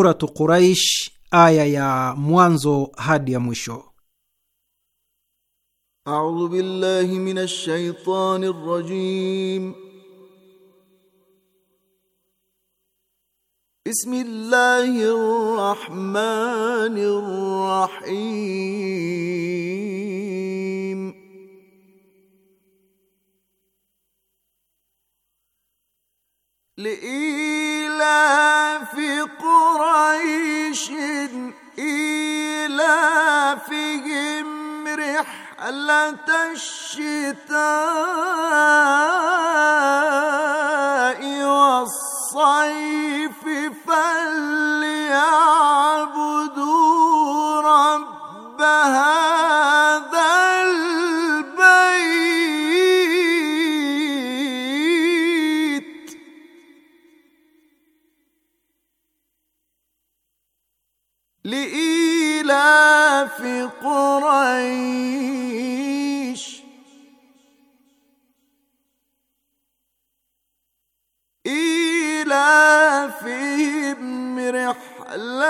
Suratu Quraish aya ya mwanzo hadi ya mwisho. A'udhu billahi minash shaitanir rajim. Bismillahir rahmanir rahim. إيلافهم رحلة الشتاء والصيف فل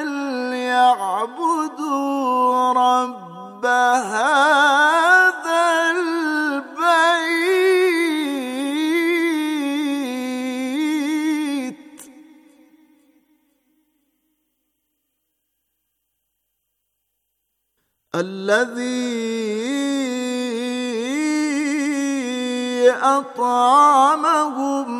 فليعبدوا رب هذا البيت الذي أطعمهم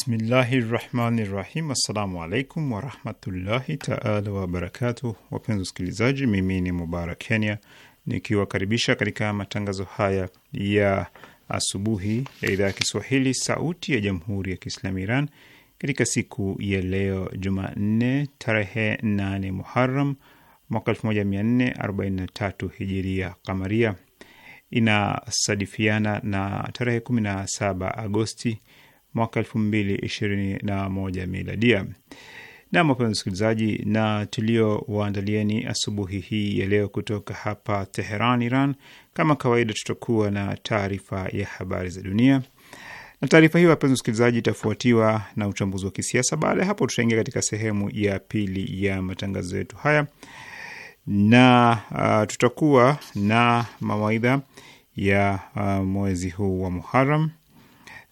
Bismillahi rahmani rahim. Assalamu alaikum warahmatullahi taala wabarakatuh. Wapenzi wasikilizaji, mimi ni Mubarak Kenya nikiwakaribisha katika matangazo haya ya asubuhi ya idhaa ya Kiswahili Sauti ya Jamhuri ya Kiislamu Iran katika siku ya leo Jumanne tarehe 8 Muharam mwaka 1443 hijiria kamaria, inasadifiana na tarehe 17 Agosti mwaka elfu mbili ishirini na moja miladia. Nam, wapenzi msikilizaji, na tulio waandalieni asubuhi hii ya leo kutoka hapa Teheran, Iran, kama kawaida, tutakuwa na taarifa ya habari za dunia na taarifa hiyo, wapenzi msikilizaji, itafuatiwa na uchambuzi wa kisiasa. Baada ya hapo, tutaingia katika sehemu ya pili ya matangazo yetu haya na uh, tutakuwa na mawaidha ya uh, mwezi huu wa Muharam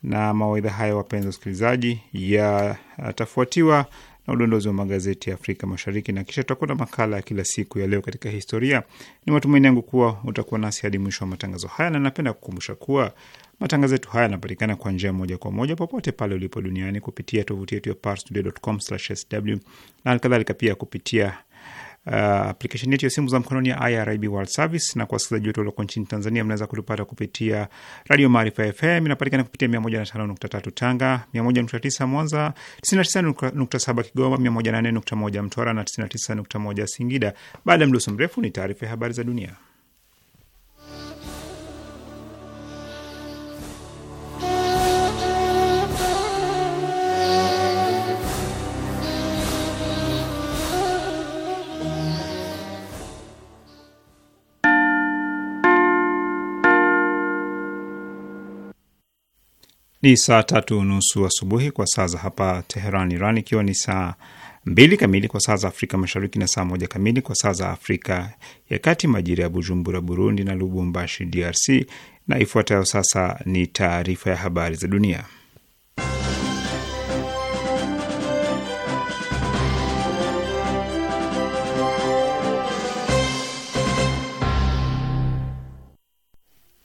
na mawaidha hayo, wapenzi wasikilizaji, yatafuatiwa na udondozi wa magazeti ya Afrika Mashariki na kisha tutakuwa na makala ya kila siku ya leo katika historia. Ni matumaini yangu kuwa utakuwa nasi hadi mwisho wa matangazo haya, na napenda kukumbusha kuwa matangazo yetu haya yanapatikana kwa njia moja kwa moja popote pale ulipo duniani kupitia tovuti yetu ya parstoday.com/sw na halikadhalika pia kupitia uh, aplikesheni yetu ya simu za mkononi ya IRIB World Service, na kwa wasikilizaji wetu walioko nchini Tanzania, mnaweza kutupata kupitia Radio Maarifa FM, inapatikana kupitia 105.3 Tanga, 101.9 Mwanza, 99.7 Kigoma, 108.1 Mtwara na 99.1 Singida. Baada ya mdoso mrefu ni taarifa ya habari za dunia. Ni saa tatu nusu asubuhi kwa saa za hapa Teheran, Iran, ikiwa ni saa mbili kamili kwa saa za Afrika Mashariki na saa moja kamili kwa saa za Afrika ya Kati, majira ya Bujumbura, Burundi, na Lubumbashi, DRC. Na ifuatayo sasa ni taarifa ya habari za dunia,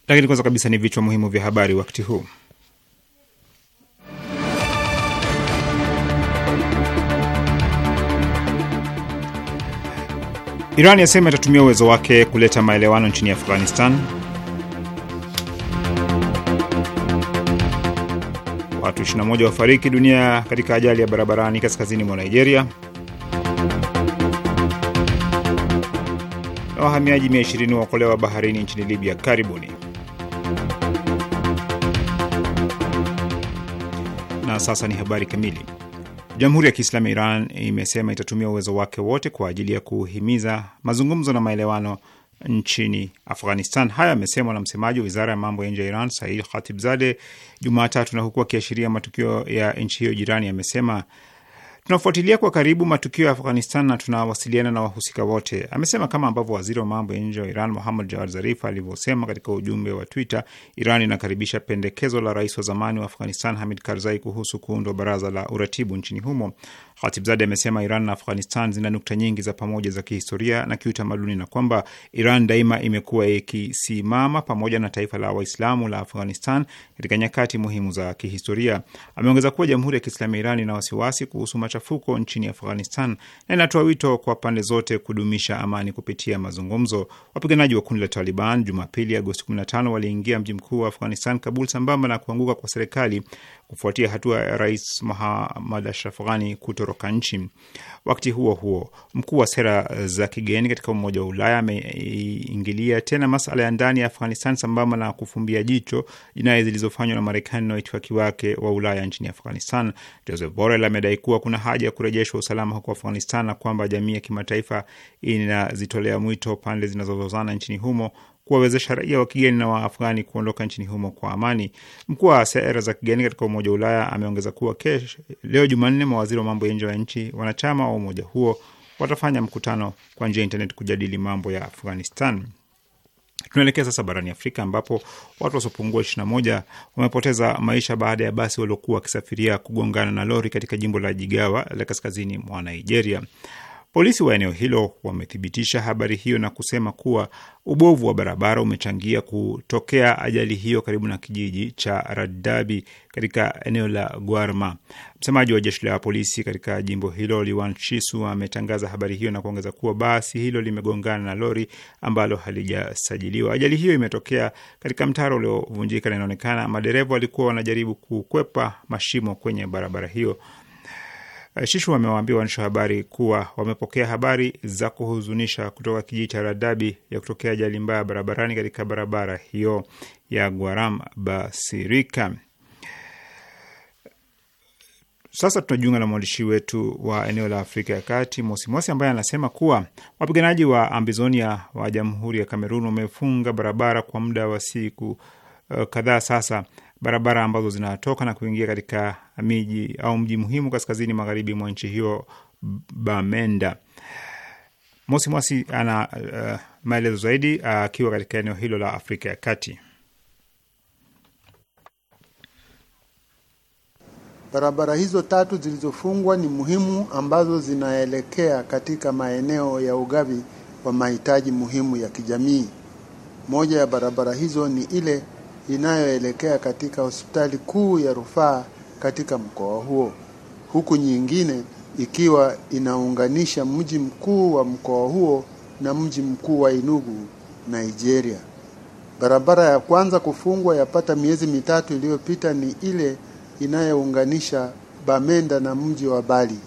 lakini kwanza kabisa ni vichwa muhimu vya habari wakati huu. Iran yasema itatumia uwezo wake kuleta maelewano nchini Afghanistan. Watu 21 wafariki dunia katika ajali ya barabarani kaskazini mwa Nigeria. Na wahamiaji 120 waokolewa baharini nchini Libya. Karibuni. Na sasa ni habari kamili. Jamhuri ya Kiislamu ya Iran imesema itatumia uwezo wake wote kwa ajili ya kuhimiza mazungumzo na maelewano nchini Afghanistan. Haya yamesemwa na msemaji wa wizara ya mambo ya nje ya Iran, Said Khatibzade, Jumatatu, na huku akiashiria matukio ya nchi hiyo jirani, amesema Tunafuatilia kwa karibu matukio ya Afghanistan na tunawasiliana na wahusika wote, amesema, kama ambavyo waziri wa mambo ya nje wa Iran Muhammad Jawad Zarif alivyosema katika ujumbe wa Twitter. Iran inakaribisha pendekezo la rais wa zamani wa Afghanistan Hamid Karzai kuhusu kuundwa baraza la uratibu nchini humo. Khatibzade amesema Iran na Afghanistan zina nukta nyingi za pamoja za kihistoria na kiutamaduni na kwamba Iran daima imekuwa ikisimama pamoja na taifa la Waislamu la Afghanistan katika nyakati muhimu za kihistoria. Ameongeza kuwa Jamhuri ya Kiislamu ya Iran ina wasiwasi kuhusu machafuko nchini Afghanistan na inatoa wito kwa pande zote kudumisha amani kupitia mazungumzo. Wapiganaji wa kundi la Taliban Jumapili, Agosti 15 waliingia mji mkuu wa Afghanistan, Kabul, sambamba na kuanguka kwa serikali kufuatia hatua ya rais Mahamad Ashraf Ghani kutoroka nchi. Wakati huo huo, mkuu wa sera za kigeni katika Umoja wa Ulaya ameingilia tena masala ya ndani ya Afghanistan sambamba na kufumbia jicho jinai zilizofanywa na Marekani na waitifaki wake wa Ulaya nchini Afghanistan. Joseph Borrell amedai kuwa kuna haja ya kurejeshwa usalama huko Afghanistan na kwamba jamii ya kimataifa inazitolea mwito pande zinazozozana nchini humo kuwawezesha raia wa kigeni na Waafghani kuondoka nchini humo kwa amani. Mkuu wa sera za kigeni katika Umoja wa Ulaya ameongeza kuwa kesho, leo Jumanne, mawaziri wa mambo ya nje wa nchi wanachama wa umoja huo watafanya mkutano kwa njia ya intaneti kujadili mambo ya Afghanistan. Tunaelekea sasa barani Afrika ambapo watu wasiopungua moja wamepoteza maisha baada ya basi waliokuwa wakisafiria kugongana na lori katika jimbo la Jigawa la kaskazini mwa Nigeria. Polisi wa eneo hilo wamethibitisha habari hiyo na kusema kuwa ubovu wa barabara umechangia kutokea ajali hiyo karibu na kijiji cha Raddabi katika eneo la Gwarma. Msemaji wa jeshi la polisi katika jimbo hilo Liwan Chisu ametangaza habari hiyo na kuongeza kuwa basi hilo limegongana na lori ambalo halijasajiliwa. Ajali hiyo imetokea katika mtaro uliovunjika na inaonekana madereva walikuwa wanajaribu kukwepa mashimo kwenye barabara hiyo. Eh, Shishu wamewaambia waandishi wa habari kuwa wamepokea habari za kuhuzunisha kutoka kijiji cha Radabi ya kutokea ajali mbaya barabarani katika barabara hiyo ya Gwaram Basirika. Sasa tunajiunga na mwandishi wetu wa eneo la Afrika ya Kati, Mosi Mosi, ambaye anasema kuwa wapiganaji wa Ambizonia wa Jamhuri ya Kamerun wamefunga barabara kwa muda wa siku uh, kadhaa sasa barabara ambazo zinatoka na kuingia katika miji au mji muhimu kaskazini magharibi mwa nchi hiyo Bamenda. Mosi Mwasi ana uh, maelezo zaidi uh, akiwa uh, katika eneo hilo la Afrika ya Kati. Barabara hizo tatu zilizofungwa ni muhimu, ambazo zinaelekea katika maeneo ya ugavi wa mahitaji muhimu ya kijamii. Moja ya barabara hizo ni ile inayoelekea katika hospitali kuu ya rufaa katika mkoa huo, huku nyingine ikiwa inaunganisha mji mkuu wa mkoa huo na mji mkuu wa Enugu, Nigeria. Barabara ya kwanza kufungwa yapata miezi mitatu iliyopita ni ile inayounganisha Bamenda na mji wa Bali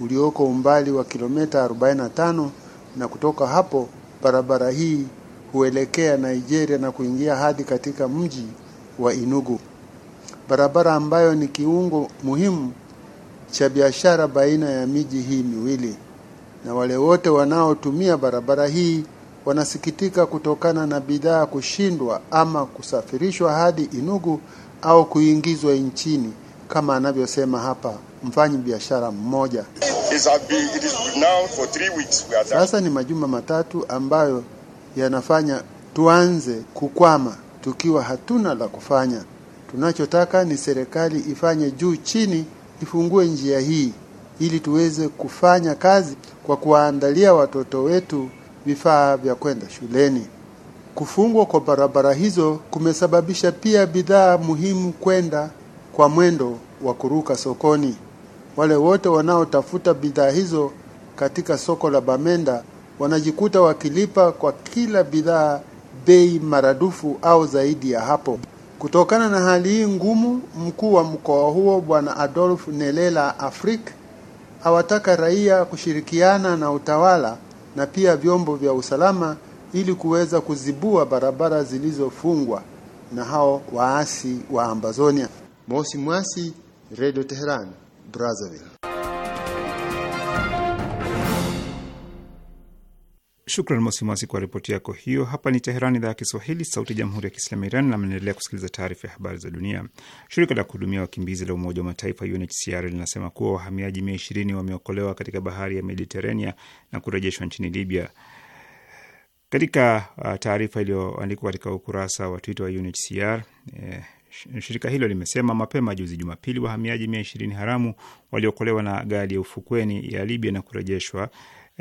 ulioko umbali wa kilomita 45 na kutoka hapo barabara hii huelekea Nigeria na kuingia hadi katika mji wa Inugu, barabara ambayo ni kiungo muhimu cha biashara baina ya miji hii miwili, na wale wote wanaotumia barabara hii wanasikitika kutokana na bidhaa kushindwa ama kusafirishwa hadi Inugu au kuingizwa nchini kama anavyosema hapa mfanyi biashara mmoja. Sasa ni majuma matatu ambayo yanafanya tuanze kukwama tukiwa hatuna la kufanya. Tunachotaka ni serikali ifanye juu chini, ifungue njia hii ili tuweze kufanya kazi kwa kuwaandalia watoto wetu vifaa vya kwenda shuleni. Kufungwa kwa barabara hizo kumesababisha pia bidhaa muhimu kwenda kwa mwendo wa kuruka sokoni. Wale wote wanaotafuta bidhaa hizo katika soko la Bamenda wanajikuta wakilipa kwa kila bidhaa bei maradufu au zaidi ya hapo. Kutokana na hali hii ngumu, mkuu wa mkoa huo Bwana Adolf Nelela Afrik awataka raia kushirikiana na utawala na pia vyombo vya usalama ili kuweza kuzibua barabara zilizofungwa na hao waasi wa Ambazonia. Mosi Mwasi, Radio Tehran, Brazzaville. Shukran Mwasi kwa ripoti yako hiyo. Hapa ni teheran idhaa ya Kiswahili, sauti ya jamhuri ya kiislamu Iran, na mnaendelea kusikiliza taarifa ya habari za dunia. Shirika la kuhudumia wakimbizi la Umoja wa Mataifa UNHCR linasema kuwa wahamiaji mia ishirini wameokolewa katika bahari ya Mediterania na kurejeshwa nchini Libya. Katika uh, taarifa iliyoandikwa katika ukurasa wa Twitter wa UNHCR eh, shirika hilo limesema mapema juzi Jumapili wahamiaji mia ishirini haramu waliokolewa na gari ya ufukweni ya Libya na kurejeshwa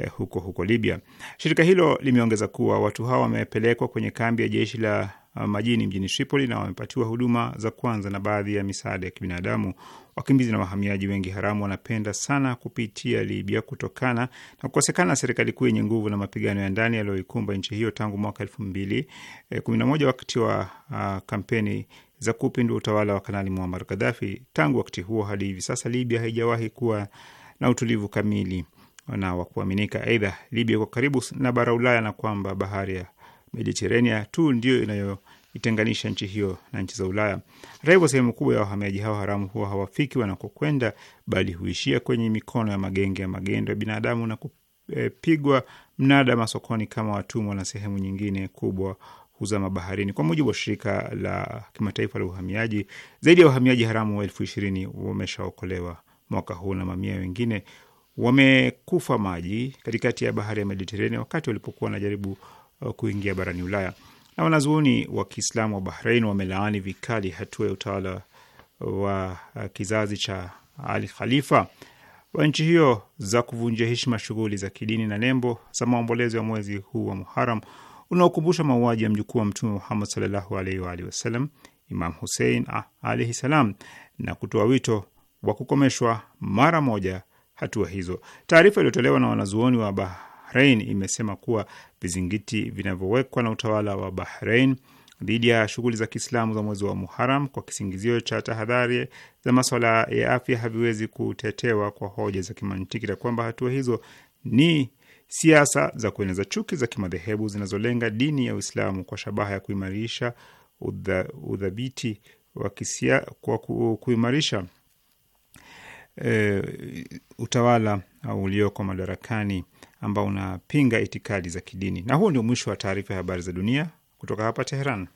Eh, huko huko Libya. Shirika hilo limeongeza kuwa watu hao wamepelekwa kwenye kambi ya jeshi la uh, majini mjini Tripoli na wamepatiwa huduma za kwanza na baadhi ya misaada ya kibinadamu. Wakimbizi na wahamiaji wengi haramu wanapenda sana kupitia Libya kutokana na kukosekana serikali kuu yenye nguvu na mapigano ya ndani yaliyoikumba nchi hiyo tangu mwaka elfu mbili eh, kumi na moja wakati wa uh, kampeni za kupindua utawala wa Kanali Muammar Gaddafi. Tangu wakati huo hadi hivi sasa, Libya haijawahi kuwa na utulivu kamili na wa kuaminika. Aidha, Libya iko karibu na bara Ulaya na kwamba bahari ya Mediterania tu ndiyo inayoitenganisha nchi hiyo na nchi za Ulaya. Hata hivyo, sehemu kubwa ya wahamiaji hao haramu huwa hawafiki wanakokwenda, bali huishia kwenye mikono ya magenge ya magendo ya binadamu na kupigwa mnada masokoni kama watumwa, na sehemu nyingine kubwa huzama baharini. Kwa mujibu wa shirika la kimataifa la uhamiaji, zaidi ya wahamiaji haramu elfu ishirini wameshaokolewa mwaka huu na mamia wengine wamekufa maji katikati ya bahari ya Mediterania wakati walipokuwa wanajaribu uh, kuingia barani Ulaya. Na wanazuoni wa Kiislamu wa Bahrain wamelaani vikali hatua ya utawala uh, wa uh, kizazi cha Ali Khalifa wa nchi hiyo za kuvunjia heshima shughuli za kidini na nembo za maombolezo ya mwezi huu wa Muharam unaokumbusha mauaji ya mjukuu wa Mtume Muhammad sallallahu alaihi wa alihi wasallam, Imam Husein alaihi ah, salam, na kutoa wito wa kukomeshwa mara moja hatua hizo. Taarifa iliyotolewa na wanazuoni wa Bahrain imesema kuwa vizingiti vinavyowekwa na utawala wa Bahrain dhidi ya shughuli za Kiislamu za mwezi wa Muharam kwa kisingizio cha tahadhari za maswala ya afya haviwezi kutetewa kwa hoja za kimantiki na kwamba hatua hizo ni siasa za kueneza chuki za kimadhehebu zinazolenga dini ya Uislamu kwa shabaha ya kuimarisha udhabiti wa kisia, kwa kuimarisha e, utawala ulioko madarakani ambao unapinga itikadi za kidini. Na huo ndio mwisho wa taarifa ya habari za dunia kutoka hapa Teheran.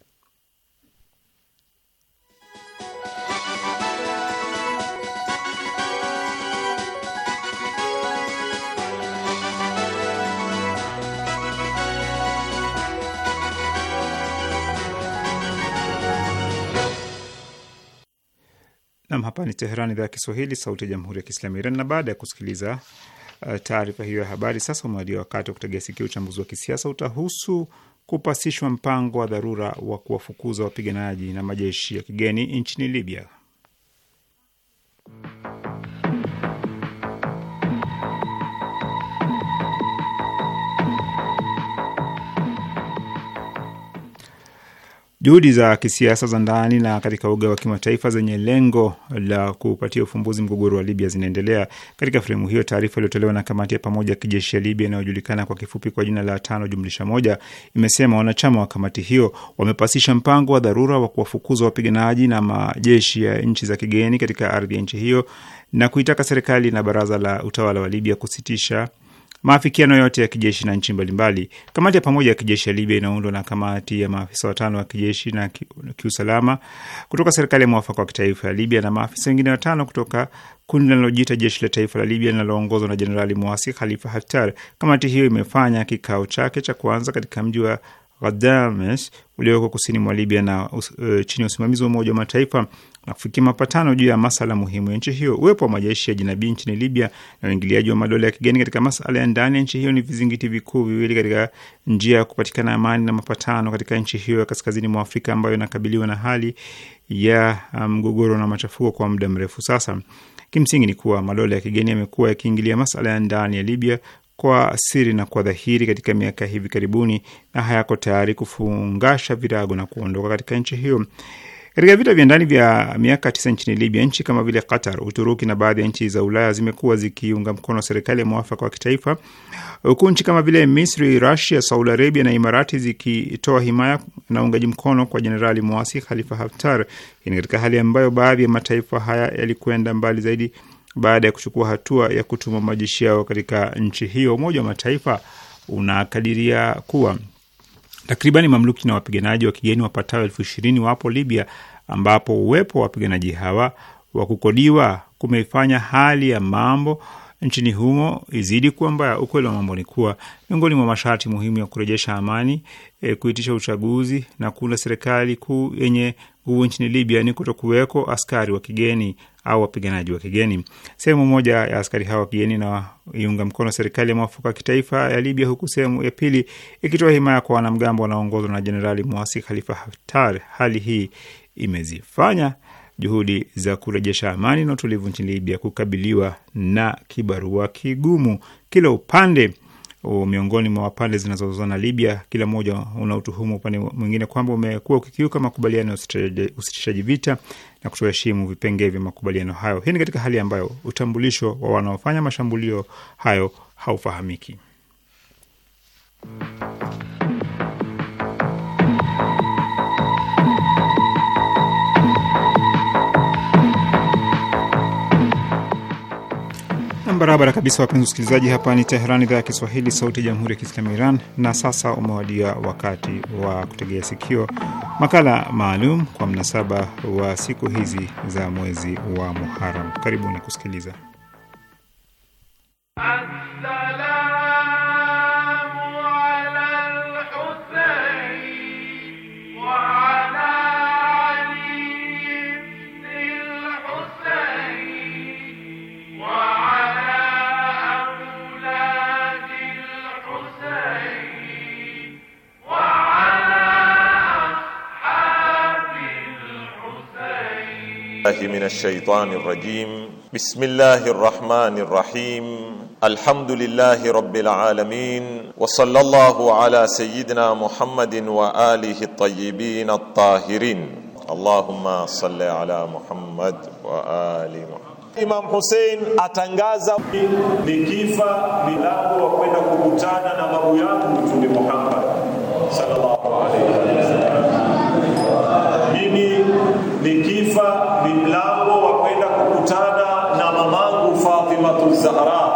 Nam, hapa ni Teheran, idhaa ya Kiswahili, sauti ya jamhuri ya kiislamu ya Iran. Na baada ya kusikiliza uh, taarifa hiyo ya habari, sasa umewadia wakati wa kutegea sikio. Uchambuzi wa kisiasa utahusu kupasishwa mpango wa dharura wa kuwafukuza wapiganaji na majeshi ya kigeni nchini Libya. Juhudi za kisiasa za ndani na katika uga wa kimataifa zenye lengo la kupatia ufumbuzi mgogoro wa Libya zinaendelea. Katika fremu hiyo, taarifa iliyotolewa na kamati ya pamoja ya kijeshi ya Libya inayojulikana kwa kifupi kwa jina la tano jumlisha moja imesema wanachama wa kamati hiyo wamepasisha mpango wa dharura wa kuwafukuza wapiganaji na majeshi ya nchi za kigeni katika ardhi ya nchi hiyo na kuitaka serikali na baraza la utawala wa Libya kusitisha maafikiano yote ya kijeshi na nchi mbalimbali. Kamati ya pamoja ya kijeshi ya Libya inaundwa na kamati ya maafisa watano wa kijeshi na kiusalama kutoka serikali ya mwafaka wa kitaifa ya Libya na maafisa wengine watano kutoka kundi linalojiita jeshi la taifa la Libya linaloongozwa na jenerali mwasi Khalifa Haftar. Kamati hiyo imefanya kikao chake cha kwanza katika mji wa Ghadames ulioko kusini mwa Libya na uh, chini ya usimamizi wa Umoja wa Mataifa na kufikia mapatano juu ya masala muhimu ya nchi hiyo. Uwepo wa majeshi ya jinabii nchini Libya na uingiliaji wa madola ya kigeni katika masala ya ndani ya nchi hiyo ni vizingiti vikuu viwili katika njia ya kupatikana amani na mapatano katika nchi hiyo ya kaskazini mwa Afrika ambayo inakabiliwa na hali ya um, mgogoro na machafuko kwa muda mrefu sasa. Kimsingi ni kuwa madola ya kigeni yamekuwa yakiingilia masala ya ndani ya Libya kwa siri na kwa dhahiri katika miaka hivi karibuni, na hayako tayari kufungasha virago na kuondoka katika nchi hiyo. Katika vita vya ndani vya miaka tisa nchini Libya, nchi kama vile Qatar, Uturuki na baadhi ya nchi za Ulaya zimekuwa zikiunga mkono serikali ya mwafaka wa kitaifa, huku nchi kama vile Misri, Rusia, Saudi Arabia na Imarati zikitoa himaya na uungaji mkono kwa jenerali mwasi Khalifa Haftar. Hii ni katika hali ambayo baadhi ya mataifa haya yalikwenda mbali zaidi baada ya kuchukua hatua ya kutuma majeshi yao katika nchi hiyo. Umoja wa Mataifa unakadiria kuwa Takribani mamluki na wapiganaji wa kigeni wapatao elfu ishirini wapo Libya, ambapo uwepo wa wapiganaji hawa wa kukodiwa kumeifanya hali ya mambo nchini humo izidi kuwa mbaya. Ukweli wa mambo ni kuwa miongoni mwa masharti muhimu ya kurejesha amani e, kuitisha uchaguzi na kuunda serikali kuu yenye huu nchini Libya ni kuweko askari wa kigeni au wapiganaji wa kigeni. Sehemu moja ya askari hawa wa kigeni na iunga mkono serikali ya mwafuka kitaifa ya Libya, huku sehemu ya pili ikitoa himaya kwa wanamgambo wanaoongozwa na Jenerali mwasi Khalifa Haftar. Hali hii imezifanya juhudi za kurejesha amani na utulivu nchini Libya kukabiliwa na kibarua kigumu. Kila upande miongoni mwa pande zinazozozana Libya, kila mmoja unautuhumu upande mwingine kwamba umekuwa ukikiuka makubaliano ya usitishaji vita na kutoheshimu vipengee vya makubaliano hayo. Hii ni katika hali ambayo utambulisho wa wanaofanya mashambulio hayo haufahamiki. Barabara kabisa, wapenzi wasikilizaji, hapa ni Teheran, idhaa ya Kiswahili, sauti ya jamhuri ya kiislamu Iran. Na sasa umewadia wakati wa kutegea sikio makala maalum kwa mnasaba wa siku hizi za mwezi wa Muharam. Karibuni kusikiliza. الله من الشيطان الرجيم بسم الله الرحمن الرحيم الحمد لله رب العالمين وصلى الله على سيدنا محمد وآله الطيبين الطاهرين اللهم صل على محمد وآل محمد Imam Hussein atangaza nikifa milango wa kwenda kukutana na babu yangu Mtume Muhammad sallallahu alayhi wasallam nikifa ni mlango wa kwenda kukutana na mamangu Fatimatu Zahra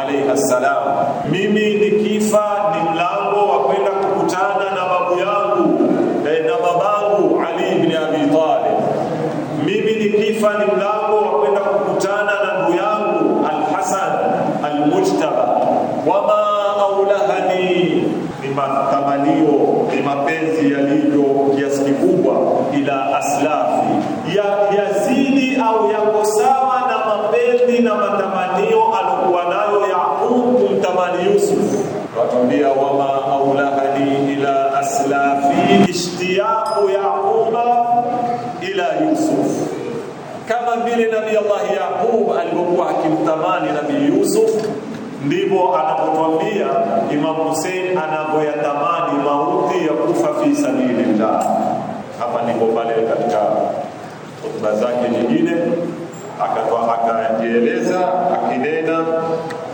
alayha salam. Mimi nikifa ni mlango wa kwenda kukutana na babu yangu eh, na babangu Ali ibn Abi Talib. Mimi nikifa ni mlango kumtamani Nabii Yusuf, ndivyo anapotwambia Imam Hussein anavyoyatamani mauti ya kufa fi sabilillah. Hapa ndipo pale katika hotuba zake nyingine akatoa akajieleza akinena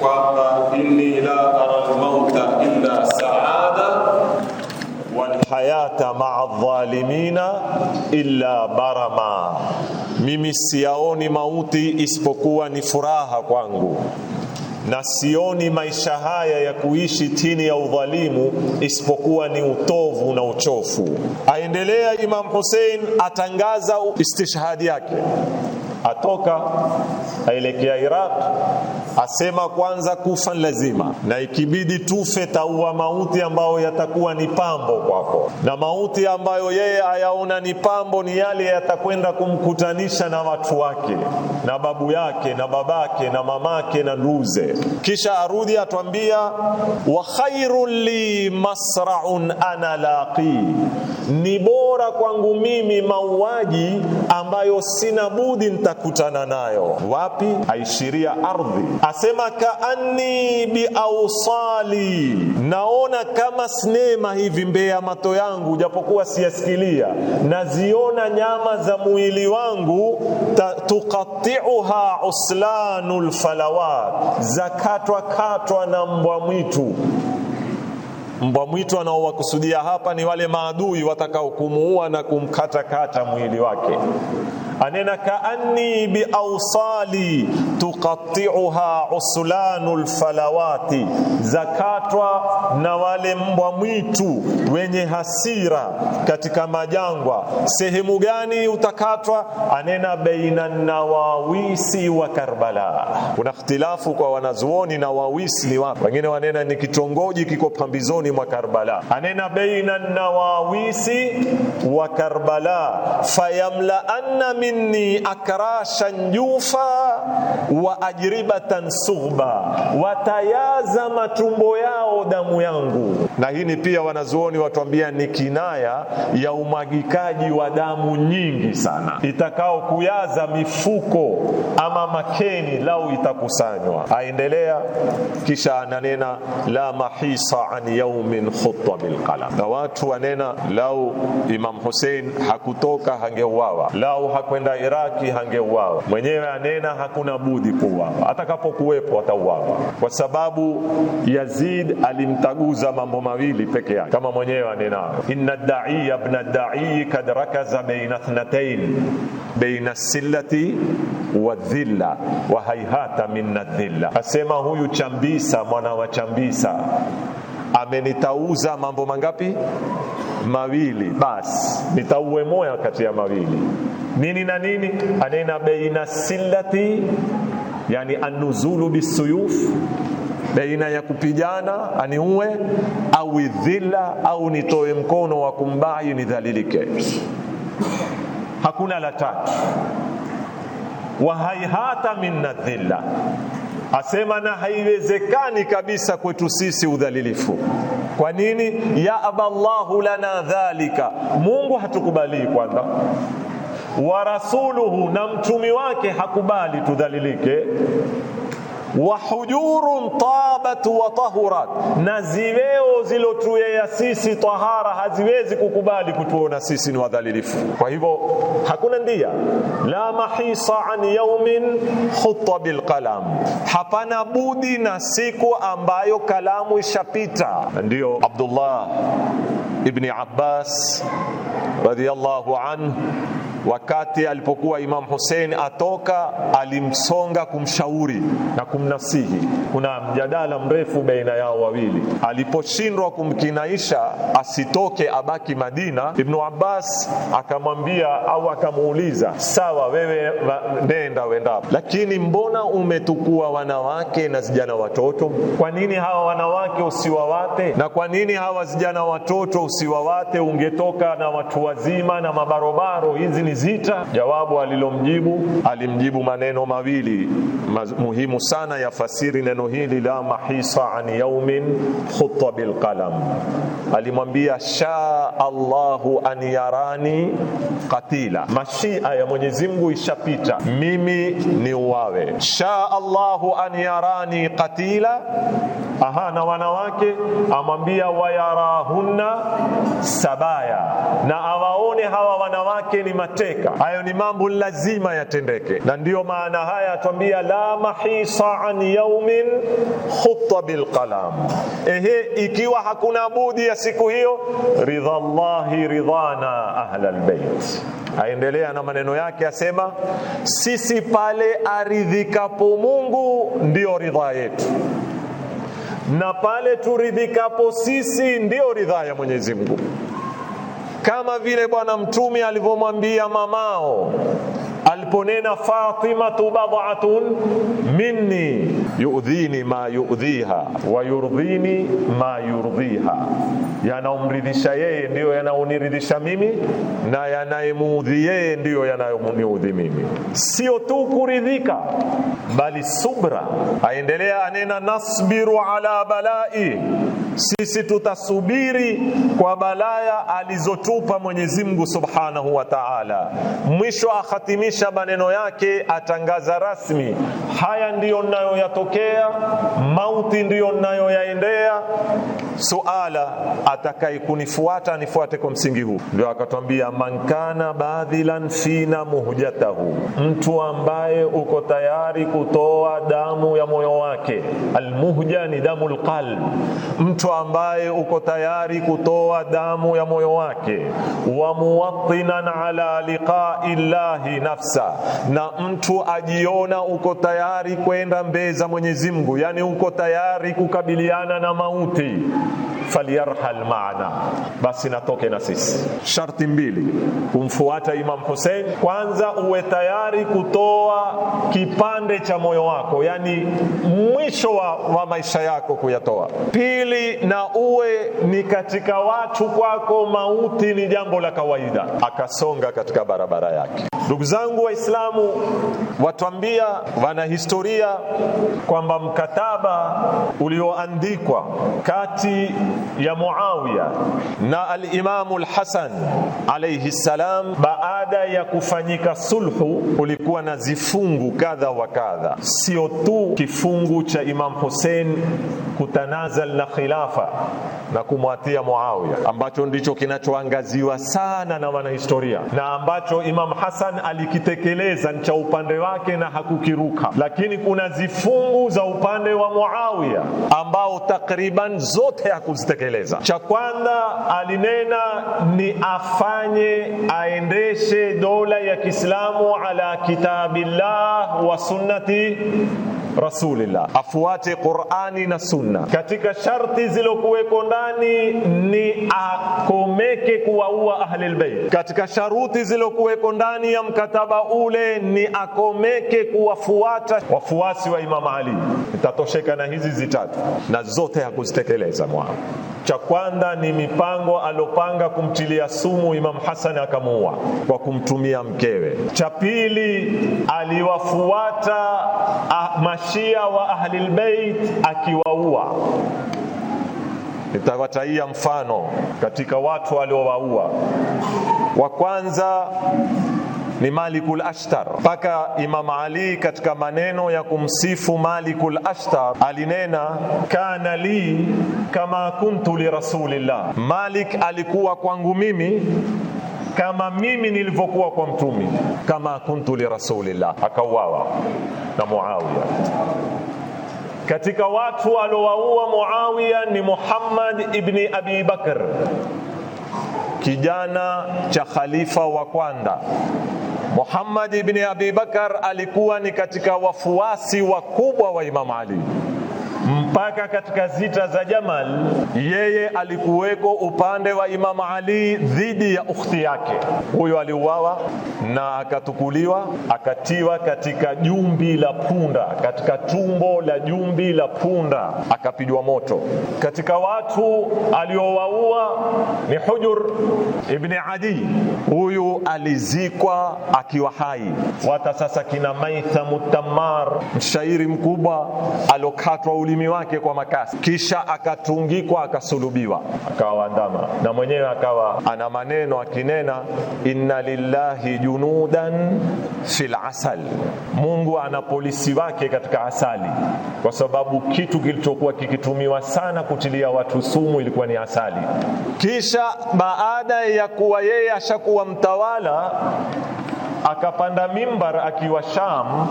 kwamba inni la ara almauta illa saada walhayata maa dhalimina illa barama mimi siyaoni mauti isipokuwa ni furaha kwangu na sioni maisha haya ya kuishi chini ya udhalimu isipokuwa ni utovu na uchofu. Aendelea Imam Hussein atangaza istishhadi yake atoka aelekea Iraq, asema kwanza kufa lazima, na ikibidi tufe taua mauti ambayo yatakuwa ni pambo kwako, na mauti ambayo yeye ayaona ni pambo ni yale yatakwenda kumkutanisha na watu wake na babu yake na babake na mamake na nduze. Kisha arudhi atwambia, wa khairun li masraun ana laqi ni bora kwangu mimi mauaji ambayo sina budi nitakutana nayo. Wapi? Aishiria ardhi, asema kaanni biausali, naona kama sinema hivi mbele ya mato yangu, japokuwa siyasikilia, naziona nyama za mwili wangu tukatiuha uslanul falawat, zakatwa katwa na mbwa mwitu Mbwa mwitu anaowakusudia hapa ni wale maadui watakao kumuua na kumkatakata mwili wake. Anena kaanni biausali tuqatiuha uslanu lfalawati, zakatwa na wale mbwa mwitu wenye hasira katika majangwa. Sehemu gani utakatwa? Anena baina nawawisi wa Karbala. Kuna ikhtilafu kwa wanazuoni. Nawawisi ni wapi? Wengine wanena ni kitongoji kiko pambizoni pembezoni mwa Karbala, anena baina nawawisi wa Karbala, fayamlaanna minni akrashan jufa wa ajribatan sughba, watayaza matumbo yao damu yangu. Na hii ni pia wanazuoni watuambia ni kinaya ya umwagikaji wa damu nyingi sana itakao kuyaza mifuko ama makeni lau itakusanywa. Aendelea kisha ananena la mahisa an yaum walau khutwa khutabil qalam, na watu wanena lau Imam Hussein hakutoka hangeuawa, lau hakwenda Iraki hangeuawa. Mwenyewe anena hakuna budi kuuawa, atakapokuwepo atauawa, kwa sababu Yazid alimtaguza mambo mawili peke yake, kama mwenyewe anenayo, inna da'i ibn da'i kad rakaza baina thnatain baina sillati wa dhilla wa hayhata min dhilla, asema huyu chambisa mwana wa chambisa amenitauza mambo mangapi? Mawili. Basi nitaue moya kati ya mawili, nini na nini? Anena baina silati, yani anuzulu bisuyuf baina ya kupijana aniue, au idhila au nitoe mkono wa kumbai nidhalilike. Hakuna la tatu. Wa haihata minna dhilla asema na haiwezekani kabisa kwetu sisi udhalilifu. Kwa nini? ya aballahu lana dhalika, Mungu hatukubali kwanza wa rasuluhu na mtumi wake hakubali tudhalilike wa hujurun tabat wa tahurat, na ziweo zilotuea sisi tahara haziwezi kukubali kutuona sisi ni wadhalilifu. Kwa hivyo hakuna ndia la mahisa an yaumin hutta bilqalam, hapana budi na siku ambayo kalamu ishapita. Ndiyo Abdullah ibni Abbas radhiyallahu anhu wakati alipokuwa Imam Hussein atoka, alimsonga kumshauri na kumnasihi. Kuna mjadala mrefu baina yao wawili. Aliposhindwa kumkinaisha asitoke, abaki Madina, Ibnu Abbas akamwambia au akamuuliza, sawa, wewe nenda wendapo, lakini mbona umetukua wanawake na zijana watoto? Kwa nini hawa wanawake usiwawate, na kwa nini hawa zijana watoto usiwawate? Ungetoka na watu wazima na mabarobaro, hizi ni alizita jawabu alilomjibu alimjibu maneno mawili muhimu sana yafasiri neno hili la mahisa an yaumin khutta bilqalam alimwambia sha Allahu an yarani qatila mashia ya Mwenyezi Mungu ishapita mimi ni uwawe sha Allahu an yarani qatila aha na wanawake amwambia wayarahunna sabaya na awaone hawa wanawake ni mate kuteseka. Hayo ni mambo lazima yatendeke, na ndiyo maana haya atwambia la mahisa an yaumin khutta bilqalam. Ehe, ikiwa hakuna budi ya siku hiyo, ridha llahi ridhana ahla bait. Aendelea na maneno yake, asema sisi pale aridhikapo Mungu ndiyo ridha yetu na pale turidhikapo sisi ndiyo ridhaa ya Mwenyezi Mungu kama vile bwana mtume alivyomwambia mamao aliponena Fatimatu bad'atun minni yu'dhini ma yu'dhiha wa yurdhini ma yurdhiha, yanaomridhisha yeye ndiyo yanaoniridhisha mimi na yanayemuudhi yeye ndiyo yanayoniudhi mimi. Sio tu kuridhika, bali subra. Aendelea anena nasbiru ala balai sisi tutasubiri kwa balaya alizotupa Mwenyezi Mungu Subhanahu wa Ta'ala. Mwisho akhatimisha maneno yake, atangaza rasmi, haya ndiyo ninayoyatokea, mauti ndiyo ninayoyaendea, suala atakaye kunifuata anifuate kwa msingi huu. Ndio akatwambia mankana badhilan fina muhjatahu, mtu ambaye uko tayari kutoa damu ya moyo wake. Almuhja ni damu alqalb, mtu mtu ambaye uko tayari kutoa damu ya moyo wake, wa muwatinan ala liqai llahi nafsa, na mtu ajiona uko tayari kwenda mbele za Mwenyezi Mungu, yani uko tayari kukabiliana na mauti falyarhal maana, basi natoke na sisi. Sharti mbili kumfuata Imam Hussein, kwanza uwe tayari kutoa kipande cha moyo wako, yani mwisho wa, wa maisha yako kuyatoa. Pili, na uwe ni katika watu kwako mauti ni jambo la kawaida. Akasonga katika barabara yake. Ndugu zangu Waislamu watwambia, wanahistoria kwamba mkataba ulioandikwa kati ya Muawiya na al-Imamu al-Hasan alayhi salam. Baada ya kufanyika sulhu, kulikuwa na zifungu kadha wa kadha, sio tu kifungu cha Imam Hussein kutanazal na khilafa na kumwatia Muawiya, ambacho ndicho kinachoangaziwa sana na wanahistoria na ambacho Imam Hasan alikitekeleza cha upande wake na hakukiruka, lakini kuna zifungu za upande wa Muawiya ambao takriban zote hakuzi kuzitekeleza. Cha kwanza alinena ni afanye aendeshe dola ya Kiislamu ala kitabillah wa sunnati rasulillah, afuate Qur'ani na Sunna. Katika sharti zilokuweko ndani ni akomeke kuwaua ahlul bait. Katika sharuti zilokuweko ndani ya mkataba ule ni akomeke kuwafuata wafuasi wa Imam Ali. Itatosheka na hizi zitatu, na zote hakuzitekeleza mwao cha kwanza ni mipango alopanga kumtilia sumu Imam Hassan akamuua kwa kumtumia mkewe. Cha pili aliwafuata ah, mashia wa ahlilbeit akiwaua. Nitawataia mfano katika watu aliowaua. Wa kwanza ni Malikul Ashtar. Mpaka Imam Ali katika maneno ya kumsifu Malikul Ashtar alinena, kana li kama kuntu li rasulillah, Malik alikuwa kwangu mimi kama mimi nilivyokuwa kwa mtumi, kama kuntu li rasulillah. Akauawa na Muawiya. Katika watu alowaua Muawiya ni Muhammad ibni Abi Bakr kijana cha khalifa wa kwanza Muhammad ibn Abi Bakar alikuwa ni katika wafuasi wakubwa wa Imam Ali mpaka katika zita za Jamal, yeye alikuweko upande wa Imamu Ali dhidi ya ukhti yake. Huyo aliuawa na akatukuliwa, akatiwa katika jumbi la punda, katika tumbo la jumbi la punda, akapigwa moto. Katika watu aliowaua ni Hujur ibni Adi, huyu alizikwa akiwa hai. Wata sasa kina maitha mutamar mshairi mkubwa alokatwa ulimi ulimi wake kwa makasi, kisha akatungikwa, akasulubiwa, akawa na mwenyewe akawa ana maneno akinena, inna lillahi junudan fil asal, Mungu ana polisi wake katika asali, kwa sababu kitu kilichokuwa kikitumiwa sana kutilia watu sumu ilikuwa ni asali. Kisha baada ya kuwa yeye ashakuwa mtawala akapanda mimbar akiwa Sham,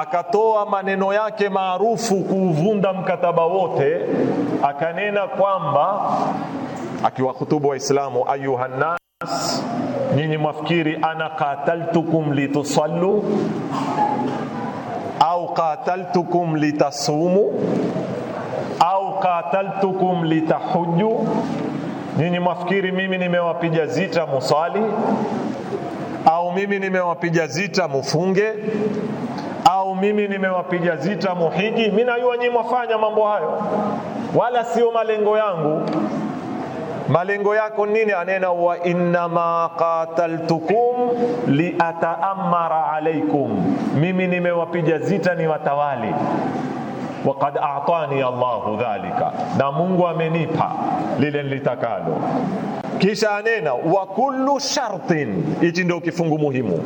akatoa maneno yake maarufu kuuvunda mkataba wote, akanena kwamba akiwahutubu Waislamu, ayuhannas, nyinyi mwafikiri ana qataltukum litusallu au qataltukum litasumu au qataltukum litahuju, nyinyi mwafikiri mimi nimewapiga zita musali mimi nimewapiga zita mufunge, au mimi nimewapiga zita muhiji. Mimi najua nyinyi mwafanya mambo hayo, wala sio malengo yangu. Malengo yako nini? Anena wa innama qataltukum liataamara alaikum, mimi nimewapiga zita ni watawali waqad a'tani Allahu dhalika, na Mungu amenipa lile nilitakalo. Kisha anena wa kullu shartin, hichi ndio kifungu muhimu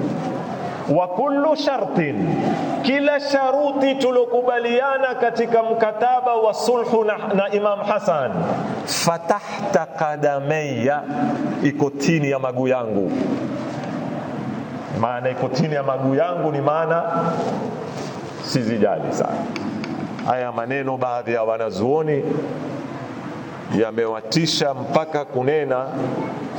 wa kullu shartin, kila sharuti tulokubaliana katika mkataba wa sulhu na, na Imam Hasan. Fatahta qadamayya, iko chini ya maguu yangu. Maana iko chini ya maguu yangu ni maana sizijali sana Haya maneno baadhi ya wanazuoni yamewatisha mpaka kunena,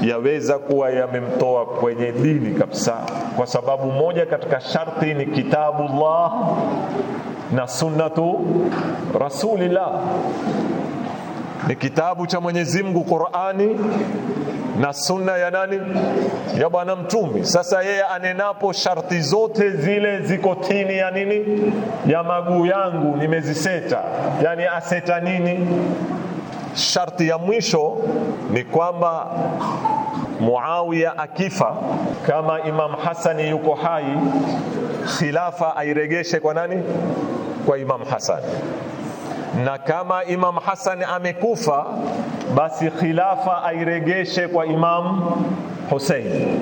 yaweza kuwa yamemtoa kwenye dini kabisa, kwa sababu moja katika sharti ni kitabullah na sunnatu rasulillah, ni kitabu cha Mwenyezi Mungu Qur'ani na sunna ya nani? Ya Bwana Mtume. Sasa yeye anenapo sharti zote zile ziko chini ya nini? Ya maguu yangu nimeziseta. Yani aseta nini? Sharti ya mwisho ni kwamba Muawiya akifa, kama Imam Hasani yuko hai, khilafa airegeshe kwa nani? Kwa Imam Hasani. Na kama Imam Hasani amekufa basi khilafa airegeshe kwa Imam Hussein,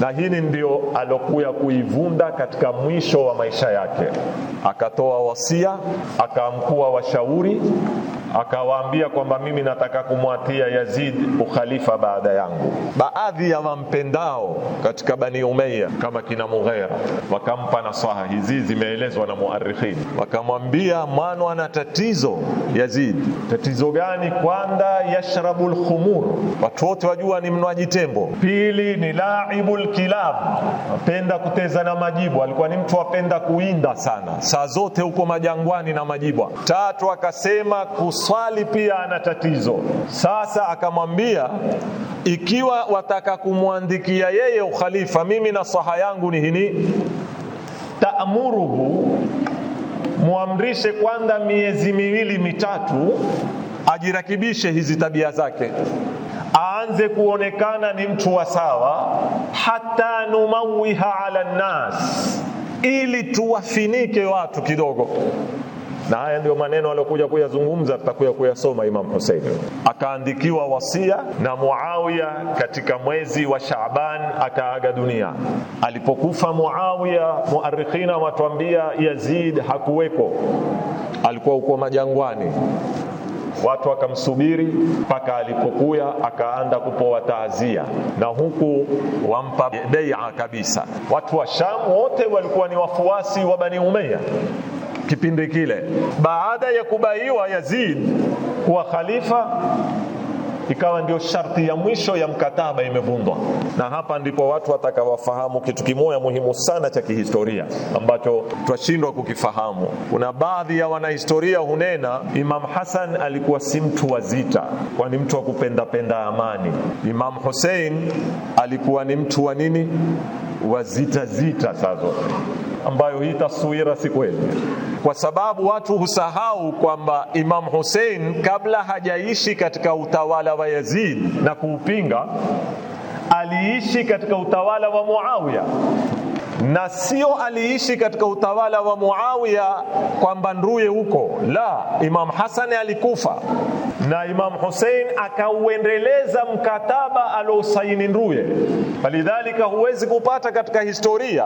na hili ndio alokuya kuivunda katika mwisho wa maisha yake. Akatoa wasia, akaamkua washauri akawaambia kwamba mimi nataka kumwatia Yazid ukhalifa baada yangu. Baadhi ya wampendao katika Bani Umayya kama kina Mughira wakampa nasaha hizi, zimeelezwa na muarikhin, wakamwambia mwana ana tatizo Yazid. Tatizo gani? Kwanza, yashrabu lkhumur, watu wote wajua ni mnwaji tembo. Pili ni laibu lkilab, apenda kuteza na majibu, alikuwa ni mtu apenda kuinda sana, saa zote huko majangwani na majibwa. Tatu akasema kus swali pia ana tatizo. Sasa akamwambia, ikiwa wataka kumwandikia yeye ukhalifa, mimi na saha yangu ni hini, taamuruhu, muamrishe kwanza miezi miwili mitatu ajirakibishe hizi tabia zake aanze kuonekana ni mtu wa sawa, hata numawiha ala nnas, ili tuwafinike watu kidogo na haya ndio maneno aliyokuja kuyazungumza, tutakuja kuyasoma. Imam Hussein akaandikiwa wasia na Muawiya katika mwezi wa Shaaban, akaaga dunia. Alipokufa Muawiya, muarikhina watuambia Yazid hakuweko, alikuwa huko majangwani watu wakamsubiri mpaka alipokuya akaanda kupoa taazia, na huku wampa beia kabisa. Watu wa Shamu wote walikuwa ni wafuasi wa Bani Umayya kipindi kile. Baada ya kubaiwa Yazid kuwa khalifa, ikawa ndio sharti ya mwisho ya mkataba imevundwa, na hapa ndipo watu watakawafahamu kitu kimoja muhimu sana cha kihistoria ambacho twashindwa kukifahamu. Kuna baadhi ya wanahistoria hunena Imam Hasan alikuwa si mtu wa zita, kwa ni mtu wa kupendapenda amani. Imam Hussein alikuwa ni mtu wa nini, wa zitazita. Sasa ambayo hii taswira si kweli kwa sababu watu husahau kwamba Imam Hussein kabla hajaishi katika utawala wa Yazid na kuupinga aliishi katika utawala wa Muawiya na sio aliishi katika utawala wa Muawiya kwamba nduye huko la. Imam Hassan alikufa na Imam Hussein akauendeleza mkataba aliosaini nduye. Falidhalika, huwezi kupata katika historia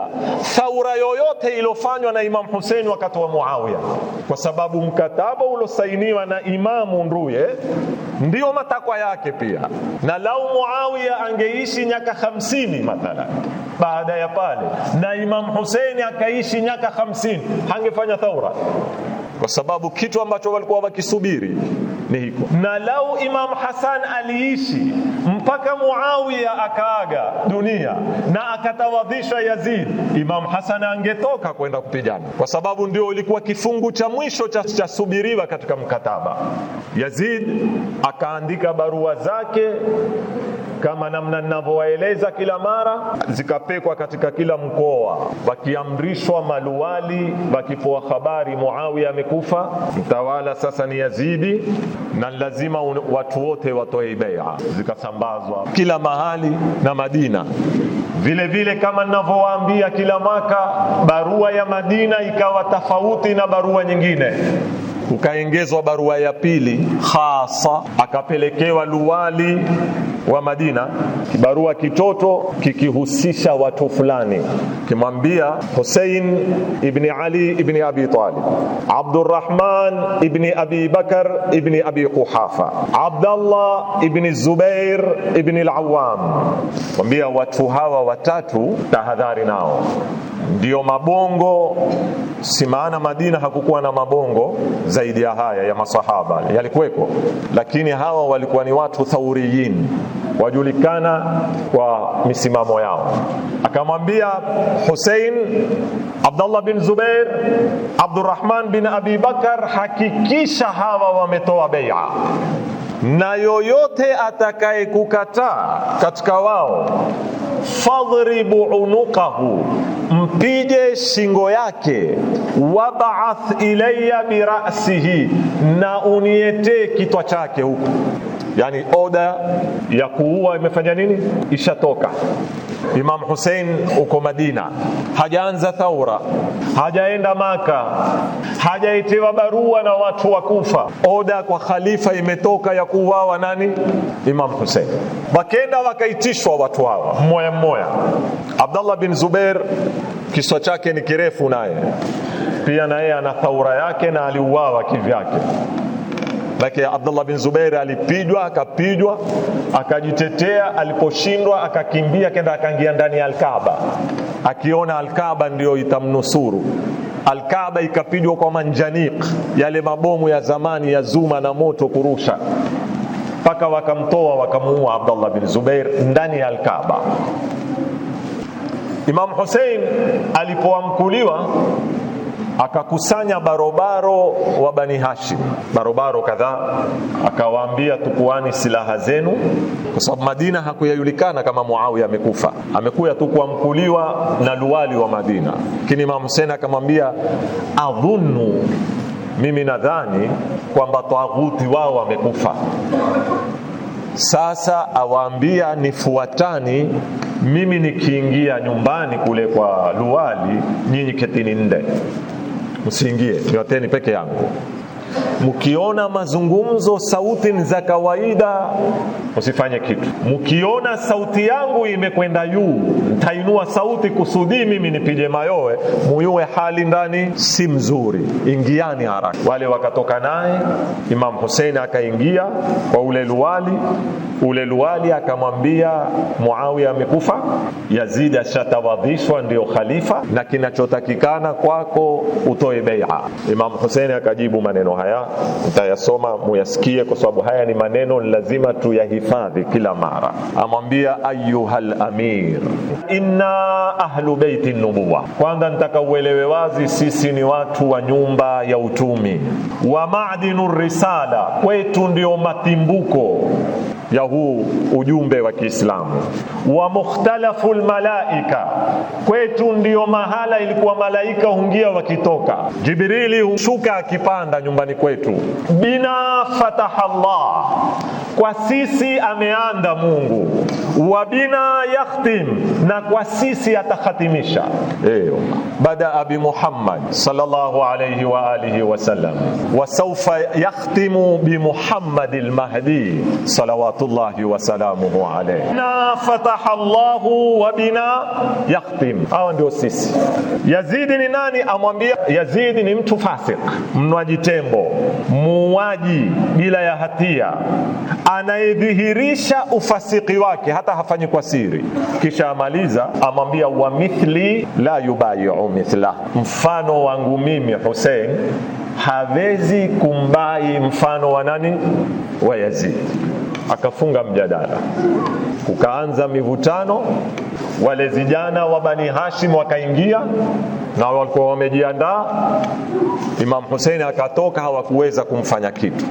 thaura yoyote iliyofanywa na Imam Hussein wakati wa Muawiya, kwa sababu mkataba uliosainiwa na imamu nduye ndio matakwa yake pia. Na lau Muawiya angeishi nyaka 50 mathalan baada ya pale na na Imam Hussein akaishi miaka 50 hangefanya thaura, kwa sababu kitu ambacho walikuwa wakisubiri ni hiko. Na lau Imam Hasan aliishi mpaka Muawiya akaaga dunia na akatawadhisha Yazid, Imam Hasan angetoka kwenda kupigana, kwa sababu ndio ilikuwa kifungu cha mwisho cha, cha subiriwa katika mkataba. Yazid akaandika barua zake kama namna ninavyowaeleza kila mara, zikapekwa katika kila mkoa, wakiamrishwa maluwali, wakipoa habari Muawiya amekufa, mtawala sasa ni Yazidi, na lazima watu wote watoe bai'a, zikasambaa yatangazwa kila mahali na Madina. Vile vile kama ninavyowaambia kila mwaka, barua ya Madina ikawa tofauti na barua nyingine ukaengezwa barua ya pili hasa, akapelekewa luwali wa Madina, kibarua kitoto kikihusisha watu fulani, kimwambia Hussein ibn Ali ibn Abi Talib, Abdurrahman ibn Abi Bakar ibn Abi Quhafa, Abdullah ibn Zubair ibn al-Awwam, mwambia watu hawa watatu tahadhari nao ndio mabongo. Si maana Madina hakukuwa na mabongo zaidi ya haya ya masahaba, yalikuweko, lakini hawa walikuwa ni watu thauriyin, wajulikana kwa misimamo yao. Akamwambia Hussein, Abdullah bin Zubair, Abdurrahman bin Abi Bakar, hakikisha hawa wametoa bai'a na yoyote atakayekukataa katika wao, fadhribu unuqahu, mpige shingo yake, wabaath ilaya birasihi, na unietee kitwa chake huku yani oda ya kuua imefanya nini ishatoka Imam Hussein uko Madina, hajaanza thaura, hajaenda Maka, hajaitiwa barua na watu wa Kufa. Oda kwa khalifa imetoka ya kuuawa nani? Imam Hussein. Wakenda wakaitishwa watu hawa mmoja mmoja. Abdullah bin Zubair, kiswa chake ni kirefu, naye pia naye ana thaura yake na aliuawa kivyake. Lakini Abdullah bin Zubair alipijwa, akapijwa, akajitetea. Aliposhindwa akakimbia, kenda akaingia ndani ya alkaba akiona alkaba ndio itamnusuru. alkaba ikapijwa kwa manjaniq, yale mabomu ya zamani ya zuma na moto kurusha mpaka wakamtoa wakamuua Abdullah bin Zubair ndani ya Alkaaba. Imam Hussein alipoamkuliwa akakusanya barobaro wa Bani Hashim, barobaro kadhaa, akawaambia tukuani silaha zenu, kwa sababu Madina hakuyajulikana kama Muawiya amekufa, amekuya tu kuamkuliwa na luwali wa Madina. Lakini Imam Hussein akamwambia adhunnu, mimi nadhani kwamba taghuti wao wamekufa. Sasa awaambia nifuatani, mimi nikiingia nyumbani kule kwa luwali, nyinyi ketini nde msiingie, niwateeni peke yangu. Mkiona mazungumzo sauti ni za kawaida, usifanye kitu. Mkiona sauti yangu imekwenda juu, ntainua sauti kusudi mimi nipige mayowe, muyue hali ndani si mzuri, ingiani haraka. Wale wakatoka naye, Imam Hussein akaingia kwa ule luwali. Ule luwali akamwambia, Muawiya amekufa, Yazid ashatawadhishwa ndio khalifa, na kinachotakikana kwako utoe bai'a. Imam Hussein akajibu maneno haya mtayasoma muyasikie, kwa sababu haya ni maneno lazima tuyahifadhi kila mara. Amwambia ayuhal amir, inna ahlu beiti nubuwa. Kwanza nitaka uelewe wazi, sisi ni watu wa nyumba ya utumi wa madinu risala, kwetu ndio matimbuko ya huu ujumbe wa Kiislamu. Wa mukhtalafu lmalaika, kwetu ndio mahala ilikuwa malaika hungia wakitoka, Jibrili hushuka akipanda nyumbani kwetu yetu, bina fataha Allah, kwa sisi ameanda Mungu, wa bina yakhtim, na kwa sisi atakhatimisha. Eyo eh, bada abi Muhammad sallallahu alayhi wa alihi wasallam wa sawfa yakhtimu bi Muhammad al-Mahdi salawatullahi wa salamuhu alayhi, na fataha Allah wa bina yakhtim. Hawa ndio sisi. Yazidi ni nani? Amwambia Yazidi ni mtu fasik, mnwaji tembo muuaji bila ya hatia anayedhihirisha ufasiki wake hata hafanyi kwa siri, kisha amaliza amwambia, wa mithli la yubayiu mithla, mfano wangu mimi Hussein hawezi kumbai mfano wa nani? Wa Yazid. Akafunga mjadala, kukaanza mivutano wale vijana wa Bani Hashim wakaingia na walikuwa wamejiandaa. Imam Hussein akatoka, hawakuweza kumfanya kitu.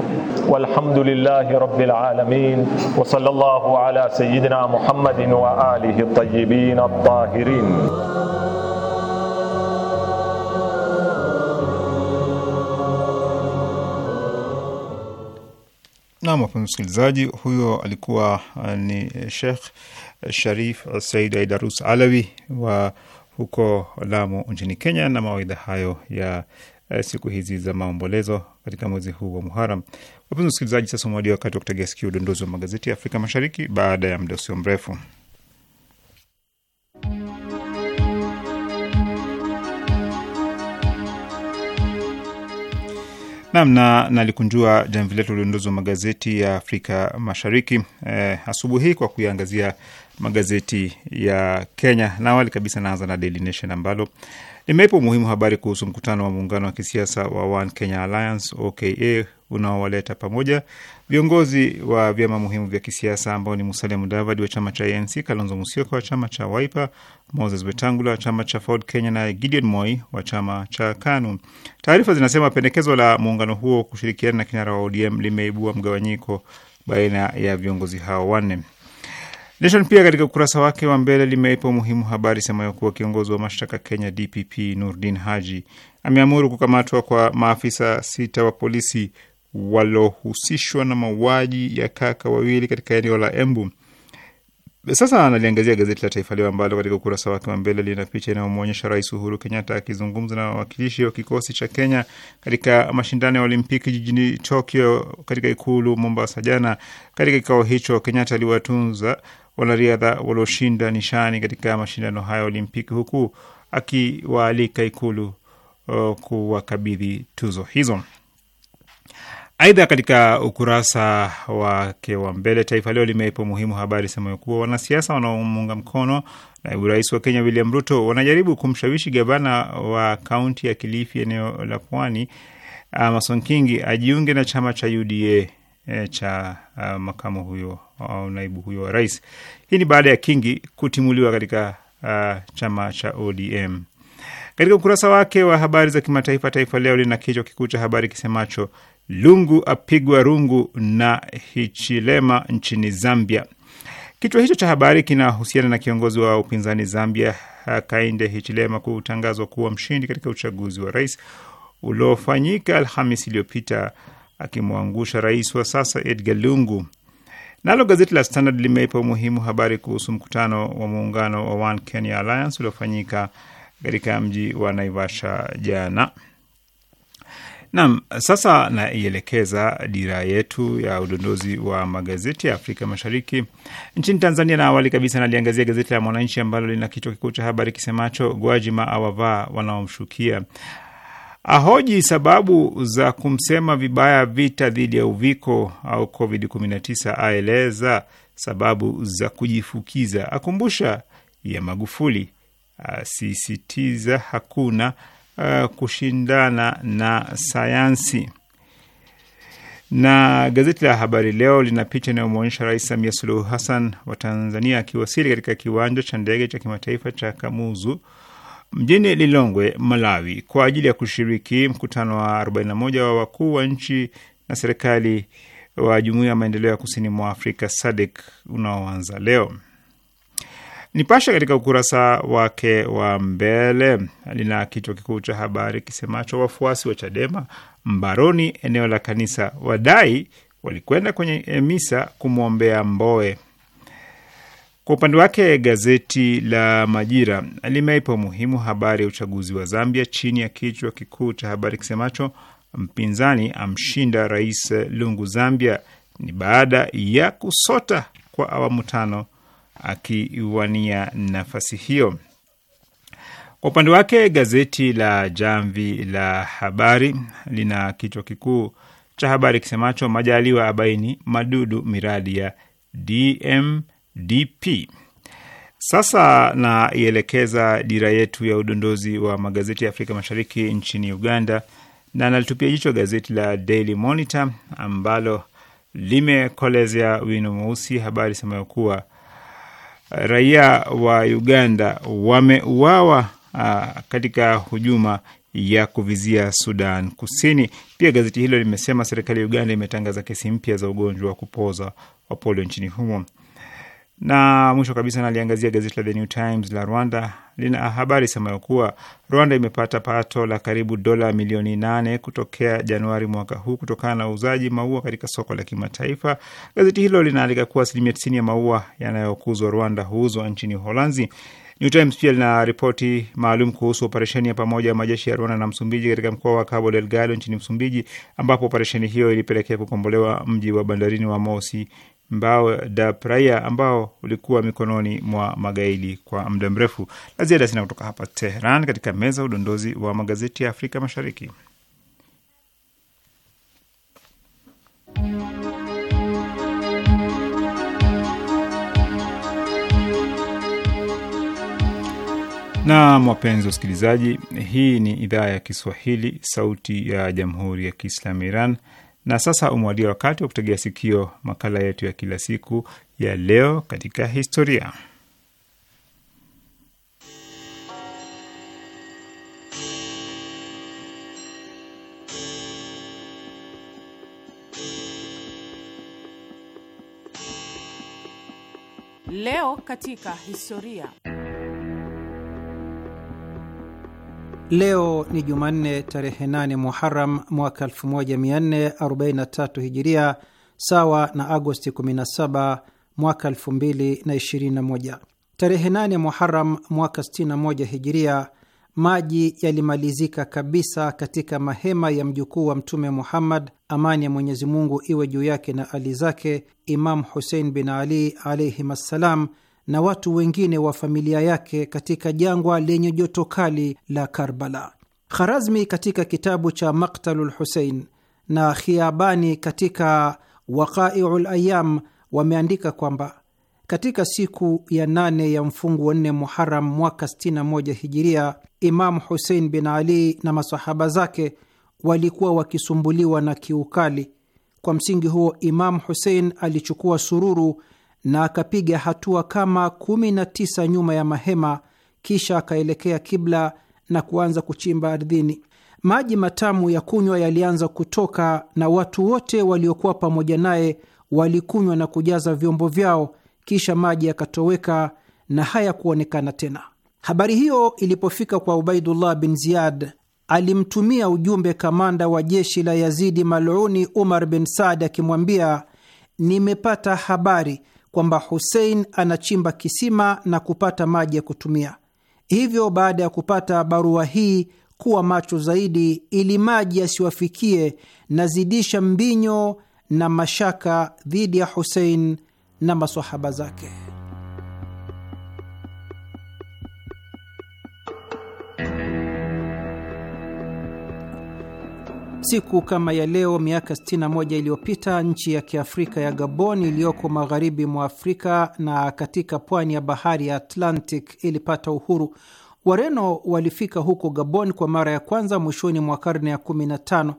Walhamdulillahi rabbil alamin wa sallallahu ala sayyidina Muhammadin wa alihi tayyibin at-tahirin. Naam, wapenzi msikilizaji, huyo alikuwa eh, ni eh, Sheikh Sharif Said Aidarus Alawi wa huko Lamu nchini Kenya, na mawaidha hayo ya eh, siku hizi za maombolezo katika mwezi huu wa Muharam. Wapenzi wasikilizaji, sasa umewadia wakati wa kutegea sikio udondozi wa magazeti ya Afrika Mashariki baada ya muda usio mrefu. Nam na nalikunjua jamvi letu udondozi wa magazeti ya Afrika Mashariki eh, asubuhi hii kwa kuiangazia magazeti ya Kenya, na awali kabisa naanza na Daily Nation ambalo limeipa umuhimu habari kuhusu mkutano wa muungano wa kisiasa wa One Kenya Alliance OKA unaowaleta pamoja viongozi wa vyama muhimu vya kisiasa ambao ni Musalia Mudavadi wa chama cha ANC, Kalonzo Musyoka wa chama cha Wiper, Moses Wetangula wa chama cha Ford Kenya na Gideon Moi wa chama cha KANU. Taarifa zinasema pendekezo la muungano huo kushirikiana na kinara wa ODM limeibua mgawanyiko baina ya viongozi hao wanne. Nation pia katika ukurasa wake wa mbele limeipa umuhimu habari semayo kuwa kiongozi wa mashtaka Kenya DPP Nurdin Haji ameamuru kukamatwa kwa maafisa sita wa polisi walohusishwa na mauaji ya kaka wawili katika eneo la Embu. Sasa analiangazia gazeti la Taifa Leo ambalo katika ukurasa wake wa mbele lina picha inayomwonyesha Rais Uhuru Kenyatta akizungumza na wawakilishi wa kikosi cha Kenya katika mashindano ya Olimpiki jijini Tokyo katika ikulu Mombasa jana. Katika kikao hicho, Kenyatta aliwatunza wanariadha walioshinda nishani katika mashindano hayo ya Olimpiki, huku akiwaalika Ikulu uh, kuwakabidhi tuzo hizo. Aidha, katika ukurasa wake wa mbele Taifa Leo limeipa umuhimu habari semayo kuwa wanasiasa wanaomuunga mkono naibu rais wa Kenya William Ruto wanajaribu kumshawishi gavana wa kaunti ya Kilifi, eneo la Pwani, Amason Kingi ajiunge na chama cha UDA E, cha uh, makamu huyo au uh, naibu huyo wa rais. Hii ni baada ya Kingi kutimuliwa katika uh, chama cha ODM. Katika ukurasa wake wa habari za kimataifa, Taifa Leo lina kichwa kikuu cha habari kisemacho Lungu apigwa rungu na Hichilema nchini Zambia. Kichwa hicho cha habari kinahusiana na kiongozi wa upinzani Zambia Hakainde Hichilema kutangazwa kuwa mshindi katika uchaguzi wa rais uliofanyika Alhamisi iliyopita akimwangusha rais wa sasa Edgar Lungu. Nalo gazeti la Standard limeipa umuhimu habari kuhusu mkutano wa muungano wa One Kenya Alliance uliofanyika katika mji wa Naivasha jana. Naam, sasa naielekeza dira yetu ya udondozi wa magazeti ya Afrika Mashariki nchini Tanzania, na awali kabisa naliangazia gazeti la Mwananchi ambalo lina kichwa kikuu cha habari kisemacho Gwajima awavaa wanaomshukia ahoji sababu za kumsema vibaya vita dhidi ya uviko au COVID-19. Aeleza sababu za kujifukiza, akumbusha ya Magufuli, asisitiza hakuna uh, kushindana na sayansi. Na gazeti la Habari Leo lina picha inayomwonyesha Rais Samia Suluhu Hassan wa Tanzania akiwasili katika kiwanja cha ndege cha kimataifa cha Kamuzu mjini Lilongwe, Malawi, kwa ajili ya kushiriki mkutano wa 41 wa wakuu wa nchi na serikali wa Jumuiya ya Maendeleo ya Kusini mwa Afrika SADC unaoanza leo. Nipashe katika ukurasa wake wa mbele lina kichwa kikuu cha habari kisemacho wafuasi wa Chadema mbaroni eneo la kanisa, wadai walikwenda kwenye misa kumwombea mboe kwa upande wake gazeti la Majira limeipa umuhimu habari ya uchaguzi wa Zambia chini ya kichwa kikuu cha habari kisemacho mpinzani amshinda rais Lungu Zambia, ni baada ya kusota kwa awamu tano akiwania nafasi hiyo. Kwa upande wake gazeti la Jamvi la Habari lina kichwa kikuu cha habari kisemacho Majaliwa abaini madudu miradi ya DM DP. Sasa naielekeza dira yetu ya udondozi wa magazeti ya Afrika Mashariki nchini Uganda, na nalitupia jicho gazeti la Daily Monitor ambalo limekolezea wino mweusi habari semayo kuwa uh, raia wa Uganda wameuawa uh, katika hujuma ya kuvizia Sudan Kusini. Pia gazeti hilo limesema serikali ya Uganda imetangaza kesi mpya za ugonjwa wa kupoza wa polio nchini humo. Na mwisho kabisa naliangazia gazeti la The New Times la Rwanda. Lina habari semayo kuwa Rwanda imepata pato la karibu dola milioni nane kutokea Januari mwaka huu kutokana na uuzaji maua katika soko la kimataifa. Gazeti hilo linaandika kuwa asilimia tisini ya maua yanayokuzwa Rwanda huuzwa nchini Uholanzi. New Times pia lina ripoti maalum kuhusu operesheni ya pamoja ya majeshi ya Rwanda na Msumbiji katika mkoa wa Cabo Delgado nchini Msumbiji, ambapo operesheni hiyo ilipelekea kukombolewa mji wa bandarini wa Mosi mbao da Praia ambao ulikuwa mikononi mwa magaidi kwa muda mrefu. La ziada sina kutoka hapa Tehran, katika meza udondozi wa magazeti ya Afrika Mashariki. na wapenzi wa usikilizaji, hii ni idhaa ya Kiswahili, sauti ya jamhuri ya kiislamu Iran. Na sasa umewadia wakati wa kutegea sikio makala yetu ya kila siku ya leo katika historia. Leo katika historia Leo ni Jumanne tarehe 8 Muharam mwaka 1443 Hijiria, sawa na Agosti 17 mwaka 2021. Tarehe 8 Muharam mwaka 61 Hijiria, maji yalimalizika kabisa katika mahema ya mjukuu wa Mtume Muhammad, amani ya Mwenyezi Mungu iwe juu yake na ali zake, Imam Husein bin Ali alaihim assalam na watu wengine wa familia yake katika jangwa lenye joto kali la Karbala. Kharazmi katika kitabu cha Maktalu Husein na Khiabani katika Waqaiu Layam wameandika kwamba katika siku ya nane ya mfungu wa nne Muharam mwaka 61 Hijiria, Imamu Husein bin Ali na masahaba zake walikuwa wakisumbuliwa na kiukali. Kwa msingi huo, Imamu Husein alichukua sururu na akapiga hatua kama kumi na tisa nyuma ya mahema, kisha akaelekea kibla na kuanza kuchimba ardhini. Maji matamu ya kunywa yalianza kutoka na watu wote waliokuwa pamoja naye walikunywa na kujaza vyombo vyao, kisha maji yakatoweka na hayakuonekana tena. Habari hiyo ilipofika kwa Ubaidullah bin Ziyad, alimtumia ujumbe kamanda wa jeshi la Yazidi maluni Umar bin Saad akimwambia, nimepata habari kwamba husein anachimba kisima na kupata maji ya kutumia. Hivyo baada ya kupata barua hii, kuwa macho zaidi ili maji yasiwafikie, na zidisha mbinyo na mashaka dhidi ya husein na masahaba zake. Siku kama ya leo miaka 61 iliyopita nchi ya kiafrika ya Gabon iliyoko magharibi mwa Afrika na katika pwani ya bahari ya Atlantic ilipata uhuru. Wareno walifika huko Gabon kwa mara ya kwanza mwishoni mwa karne ya 15.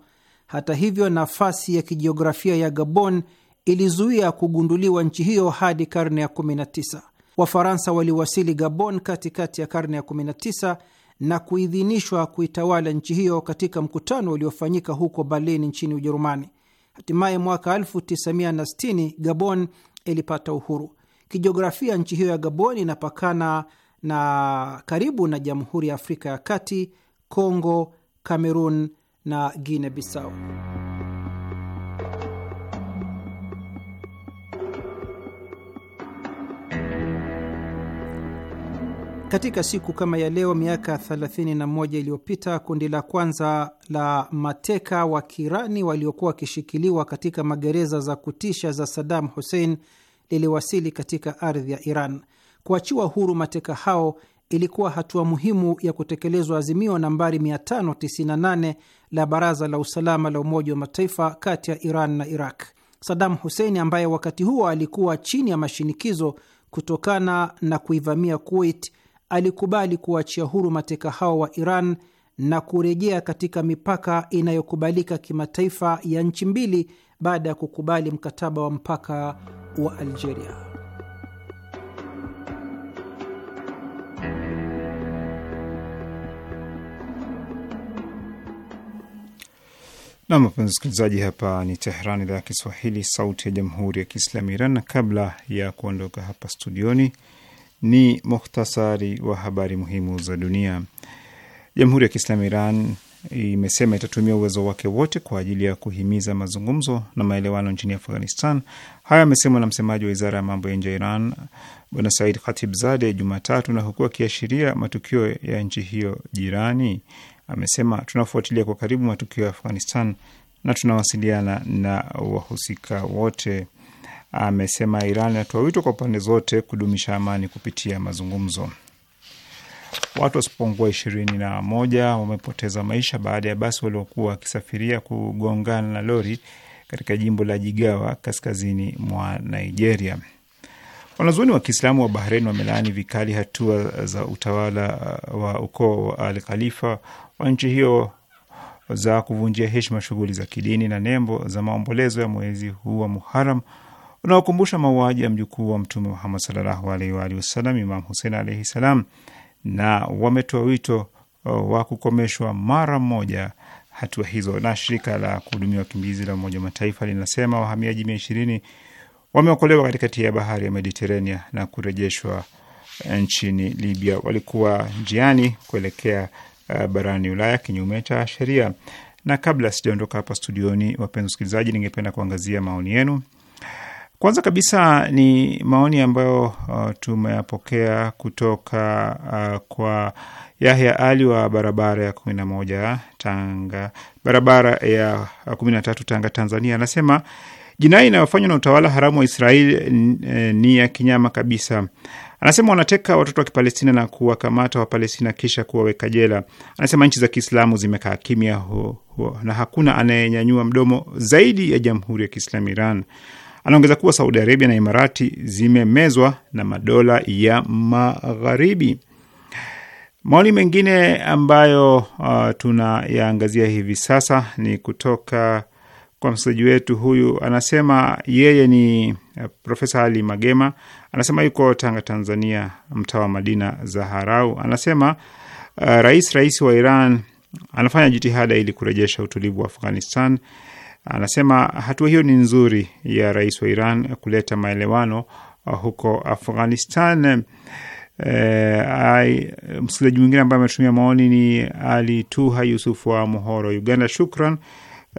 Hata hivyo, nafasi ya kijiografia ya Gabon ilizuia kugunduliwa nchi hiyo hadi karne ya 19. Wafaransa waliwasili Gabon katikati ya karne ya 19 na kuidhinishwa kuitawala nchi hiyo katika mkutano uliofanyika huko Berlin nchini Ujerumani. Hatimaye mwaka 1960 Gabon ilipata uhuru. Kijiografia, nchi hiyo ya Gabon inapakana na karibu na Jamhuri ya Afrika ya Kati, congo cameron na Guinea Bissau. Katika siku kama ya leo miaka 31 iliyopita kundi la kwanza la mateka wa Kirani waliokuwa wakishikiliwa katika magereza za kutisha za Saddam Hussein liliwasili katika ardhi ya Iran. Kuachiwa huru mateka hao ilikuwa hatua muhimu ya kutekelezwa azimio nambari 598 la Baraza la Usalama la Umoja wa Mataifa kati ya Iran na Iraq. Saddam Hussein ambaye wakati huo alikuwa chini ya mashinikizo kutokana na kuivamia Kuwait alikubali kuachia huru mateka hao wa Iran na kurejea katika mipaka inayokubalika kimataifa ya nchi mbili baada ya kukubali mkataba wa mpaka wa Algeria. Nam, wapenzi msikilizaji, hapa ni Teheran, idhaa ya Kiswahili, sauti ya jamhuri ya kiislamu Iran. Na kabla ya kuondoka hapa studioni ni muhtasari wa habari muhimu za dunia. Jamhuri ya Kiislamu Iran imesema itatumia uwezo wake wote kwa ajili ya kuhimiza mazungumzo na maelewano nchini Afghanistan. Haya amesemwa na msemaji wa wizara ya mambo ya nje ya Iran Bwana Said zade Jumatatu, na huku akiashiria matukio ya nchi hiyo jirani, amesema tunafuatilia kwa karibu matukio ya Afghanistan na tunawasiliana na wahusika wote amesema Iran inatoa wito kwa pande zote kudumisha amani kupitia mazungumzo. Watu wasipungua ishirini na moja wamepoteza maisha baada ya basi waliokuwa wakisafiria kugongana na lori katika jimbo la Jigawa kaskazini mwa Nigeria. Wanazuoni wa Kiislamu wa Bahrein wamelaani vikali hatua za utawala uh, wa ukoo wa Al Khalifa wa nchi hiyo za kuvunjia heshima shughuli za kidini na nembo za maombolezo ya mwezi huu wa Muharam unaokumbusha mauaji ya mjukuu wa Mtume Muhammad sallallahu alaihi wa alihi wasallam, Imam Husein alaihi salam, na wametoa wito uh, wa kukomeshwa mara moja hatua hizo. Na shirika la kuhudumia wakimbizi la Umoja wa Mataifa linasema wahamiaji mia ishirini wameokolewa katikati ya bahari ya Mediterania na kurejeshwa uh, nchini Libya. Walikuwa njiani kuelekea uh, barani Ulaya kinyume cha sheria. Na kabla sijaondoka hapa studioni, wapenzi wasikilizaji, ningependa kuangazia maoni yenu kwanza kabisa ni maoni ambayo uh, tumeyapokea kutoka uh, kwa Yahya Ali wa barabara ya kumi na moja Tanga, barabara ya uh, kumi na tatu Tanga, Tanzania. Anasema jinai inayofanywa na utawala haramu wa Israeli eh, ni ya kinyama kabisa. Anasema wanateka watoto wa Kipalestina na kuwakamata Wapalestina kisha kuwaweka jela. Anasema nchi za Kiislamu zimekaa kimya na hakuna anayenyanyua mdomo zaidi ya Jamhuri ya Kiislamu Iran. Anaongeza kuwa Saudi Arabia na Imarati zimemezwa na madola ya Magharibi. Maoni mengine ambayo uh, tunayaangazia hivi sasa ni kutoka kwa msikilizaji wetu huyu, anasema yeye ni uh, Profesa Ali Magema, anasema yuko Tanga, Tanzania, mtaa wa Madina Zaharau. Anasema uh, rais rais wa Iran anafanya jitihada ili kurejesha utulivu wa Afghanistan Anasema hatua hiyo ni nzuri ya rais wa Iran kuleta maelewano uh, huko Afghanistan. E, msikilizaji mwingine ambaye ametumia maoni ni Ali Tuha Yusuf wa Mohoro, Uganda. Shukran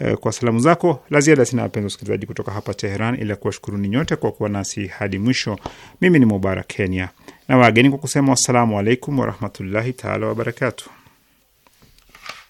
e, kwa salamu zako. La ziada sina, wapenzi wasikilizaji, kutoka hapa Teheran, ila kuwashukuruni nyote kwa kuwa nasi hadi mwisho. Mimi ni Mubarak Kenya na wageni kwa kusema wassalamu alaikum warahmatullahi taala wabarakatuh.